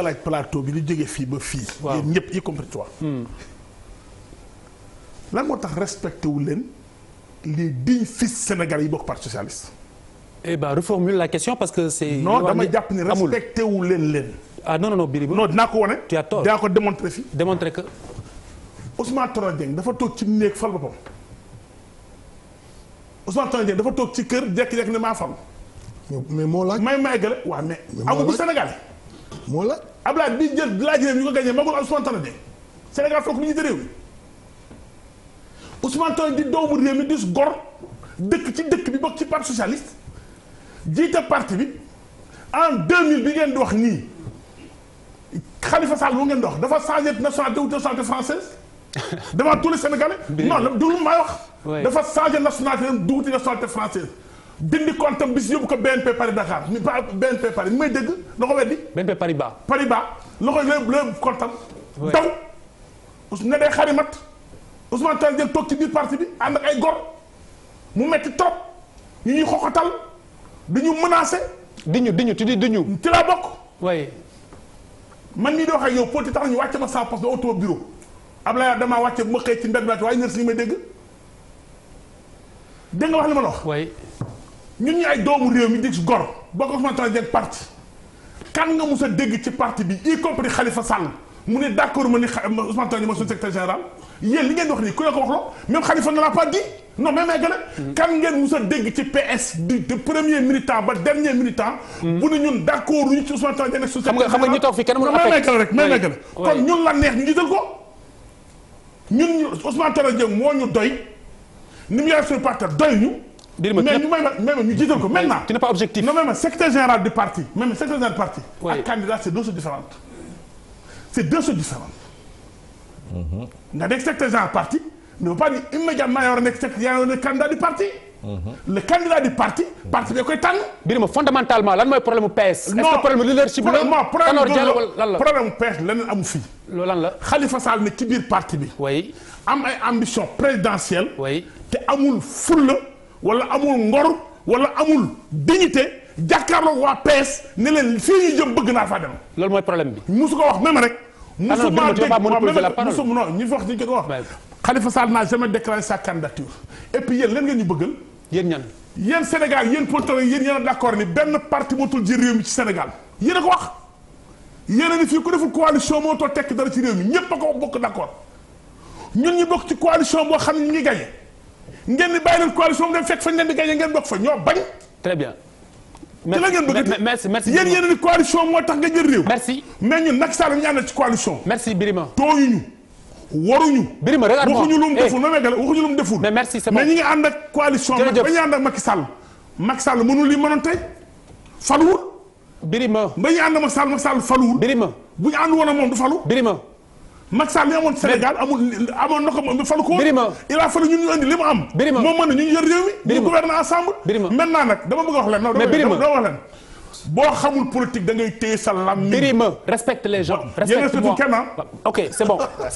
nga laaj plateau bi lu jógee fii ba fii. waaw yéen ñëpp hmm. lan moo tax respecté wu leen les dix fils sénégalais yi bokk parti socialiste. eh ben reformule la question parce que c'est non dama jàpp ni respecté wu leen leen. ah non non non Biriba non dinaa ko wane. tu ko démontrer fii. démontrer que. Ousmane Tanor Dieng dafa toog ci néeg fal boppam Ousmane Tanor Dieng dafa toog ci kër jékki-jékki ne maa fal. mais moo laaj may may gële waaw mais. mais moo laaj amul bu Sénégal. moo laaj. Abdoulaye bi jël laaj réew ñu ko gagné magul Ousmane Tanor de Sénégal foog mi ñu réew mi Ousmane Tanor di doomu réew mi dis gor dëkk ci dëkk bi bokk ci parti socialiste jiite parti bi en mille bi ngeen di wax nii Khalifa Sall mu ngeen di wax dafa changé nationalité ou nationalité française devant tous les Sénégalais. non du lu may wax. dafa changé nationalité duguti nationalité française dindi compte am bis yóbbu ko BNP Paris Dakar mi pa BNP Paris mi may dégg na ko weddi. BNP Paribas. Paribas la koy lépp lépp compte am. daw ne day xarimat Ousmane Tall jël toog parti bi ànd ak ay gor mu metti trop ñu ñuy xoxatal dañu ñu menacé. di ñu di ñu di ñu. ci laa bokk. waaye man mii di wax yow politique tax ñu wàcce ma saa poste ba oto bureau Ablaye damaa wàcce bu ma xëy ci mbedd bi waaye ñër si ñu may dégg dégg wax li ma la ñun ñu ay doomu réew mi di ci gor boo ko xamante ne jeeg kan nga mus a dégg ci parti bi y compris Khalifa Sall mu ne d' ma li ngeen di wax nii ku la ko wax loo ne l'a pas a mm. kan ngeen mus dégg ci PS du de premier ba dernier militant. Mm. bu ne ñun d' accord ñu ci Ousmane Tanor Dieng nekk suñu secrétaire général ñu toog fii kenn mënu affecté moo ñu doy ni mu yore suñu parti doy ñu. Birima mais ñu may ma may ma ñu jiital ko maintenant. tu ne pas objectif non mais ma général du parti. même secrétaire général du parti. oui candidat c'est c'est mm-hmm. nga nekk secrétaire général parti ne veut pas immédiatement yaa war a nekk secrétaire yaa war a parti. Mm-hmm. le candidat du parti. parti bi koy tànn. Birima fondamentalement lan mooy problème problème leadership la Tanor Diallo lan la problème mu PS lan la Khalifa Sall ne ci biir parti bi. oui am ay ambition présidentielle. oui te amul fulla wala amul ngor wala amul dignité jàkkaarloog waa PS ne leen fii ñu jëm bëgg naa faa dem. loolu mooy problème bi. musu ko wax même rek. Ah musu maa dégg waaw musu non ñu wax ñu ko wax. Khalifa Sall n'a jamais déclaré sa candidature. et puis yéen leen ngeen ñu bëggal. yéen ñan yéen Sénégal yéen politologue yéen yéen a d'accord ni benn parti mootul ji réew mi ci Sénégal yéen ko wax. yéen a ni fii ku deful coalition moo toll tekk dara ci réew mi ñëpp a ko bokk d'accord ñun ñu bokk ci coalition boo xam ñu ngi gagné ngeen di bàyyi leen coalition mu dem fekk fañ leen di gagné ngeen bokk fa ñoo bañ. très bien. merci la ngeen bëgg merci merci yéen yéen ni coalition moo tax nga jël réew. merci mais ñun nag Sall ñu ànd ci coalition. merci Birima. tooyuñu waruñu. Birima regarde waxuñu lu mu deful ma weggale waxuñu lu mu deful. mais merci c'est bon mais ñi ngi ànd ak coalition. jërëjëf ba ñu ànd ak Macky Sall. Macky Sall mënul li mënoon tey faluwul. Birima ba ñu ànd ak Macky Sall Macky Sall faluwul. Birima bu ñu ànd woon ak moom du falu. Birima Macky Sall li amoon Sénégal amul amoon na ko falu ko il a fallu ñun ñu andi li am moom mën na ñu yor réew mi ñu gouverner ensemble maintenant nag dama bëgg wax leen non dama wax leen boo xamul politique da ngay téye sa lam Birima respecte les gens respecte moi ah.